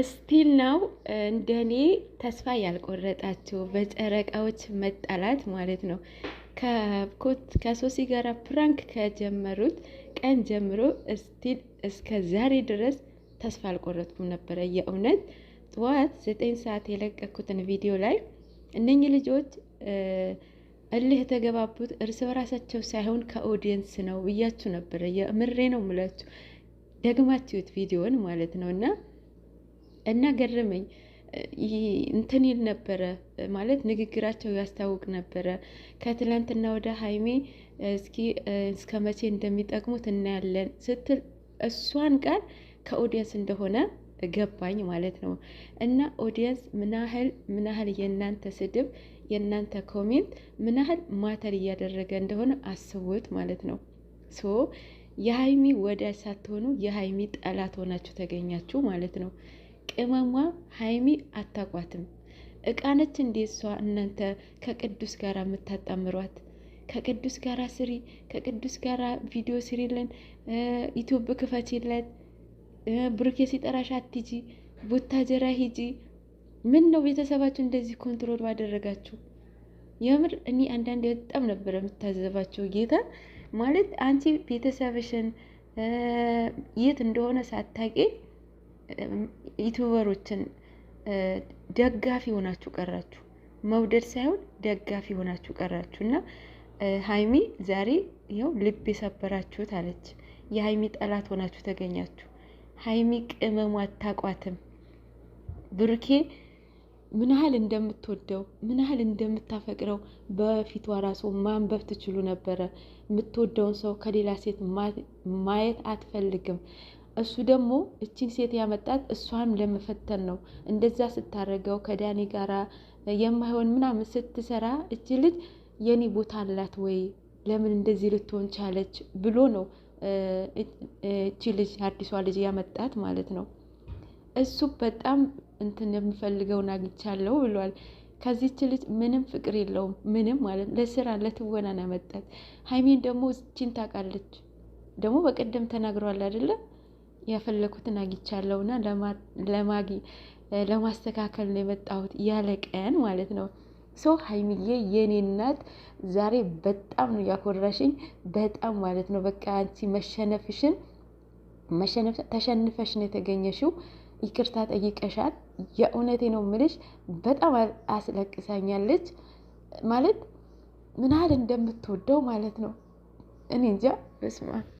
እስቲል ነው እንደኔ ተስፋ ያልቆረጣችሁ በጨረቃዎች መጣላት ማለት ነው። ከኮት ከሶሲ ጋር ፕራንክ ከጀመሩት ቀን ጀምሮ እስቲል እስከ ዛሬ ድረስ ተስፋ አልቆረጥኩም ነበረ። የእውነት ጠዋት ዘጠኝ ሰዓት የለቀኩትን ቪዲዮ ላይ እነኚህ ልጆች እልህ የተገባቡት እርስ በራሳቸው ሳይሆን ከኦዲየንስ ነው ብያችሁ ነበረ። የምሬ ነው ምላችሁ ደግማችሁት ቪዲዮን ማለት ነው እና እና ገረመኝ። እንትን ይል ነበረ ማለት ንግግራቸው ያስታውቅ ነበረ። ከትላንትና ወደ ሀይሜ እስኪ እስከ መቼ እንደሚጠቅሙት እናያለን ስትል እሷን ቃል ከኦዲየንስ እንደሆነ ገባኝ ማለት ነው። እና ኦዲየንስ ምናህል ምናህል የእናንተ ስድብ የእናንተ ኮሜንት ምናህል ማተር እያደረገ እንደሆነ አስቡት ማለት ነው። ሶ የሀይሚ ወዳጅ ሳትሆኑ የሀይሚ ጠላት ሆናችሁ ተገኛችሁ ማለት ነው። ቅመሟ ሀይሚ አታቋትም። እቃነች እንዴ እሷ እናንተ ከቅዱስ ጋር የምታጣምሯት? ከቅዱስ ጋር ስሪ፣ ከቅዱስ ጋር ቪዲዮ ስሪልን፣ ዩቱብ ክፈችለት፣ ብሩኬ ሲጠራሽ አትጂ፣ ቡታጀራ ሂጂ። ምን ነው ቤተሰባችሁ እንደዚህ ኮንትሮል ባደረጋችሁ? የምር እኔ አንዳንድ በጣም ነበር የምታዘባቸው ጌታ ማለት አንቺ ቤተሰብሽን የት እንደሆነ ሳታቂ ዩቱበሮችን ደጋፊ ሆናችሁ ቀራችሁ። መውደድ ሳይሆን ደጋፊ ሆናችሁ ቀራችሁ እና ሀይሚ ዛሬ ይኸው ልብ የሰበራችሁት አለች። የሀይሚ ጠላት ሆናችሁ ተገኛችሁ። ሀይሚ ቅመሙ አታቋትም። ብሩኬ ምን ያህል እንደምትወደው ምን ያህል እንደምታፈቅረው በፊቷ ራሱ ማንበብ ትችሉ ነበረ። የምትወደውን ሰው ከሌላ ሴት ማየት አትፈልግም። እሱ ደግሞ እችን ሴት ያመጣት እሷም ለመፈተን ነው። እንደዛ ስታደርገው ከዳኒ ጋራ የማይሆን ምናምን ስትሰራ እች ልጅ የኔ ቦታ አላት ወይ ለምን እንደዚህ ልትሆን ቻለች ብሎ ነው እቺ ልጅ አዲሷ ልጅ ያመጣት ማለት ነው። እሱ በጣም እንትን የምፈልገውን አግኝቻለሁ ብሏል። ከዚች ልጅ ምንም ፍቅር የለውም ምንም ማለት ለስራ ለትወና ያመጣት። ሀይሜን ደግሞ እችን ታውቃለች ደግሞ በቀደም ተናግሯል አይደለም የፈለኩትን አግኝቻለሁና ለማስተካከል ነው የመጣሁት ያለ ቀን ማለት ነው። ሰው ሀይሚዬ የኔ እናት ዛሬ በጣም ነው ያኮራሽኝ፣ በጣም ማለት ነው። በቃ አንቺ መሸነፍሽን ተሸንፈሽ ነው የተገኘሽው። ይቅርታ ጠይቀሻል። የእውነቴ ነው ምልሽ፣ በጣም አስለቅሳኛለች ማለት ምን ያህል እንደምትወደው ማለት ነው። እኔ እንጃ። በስመ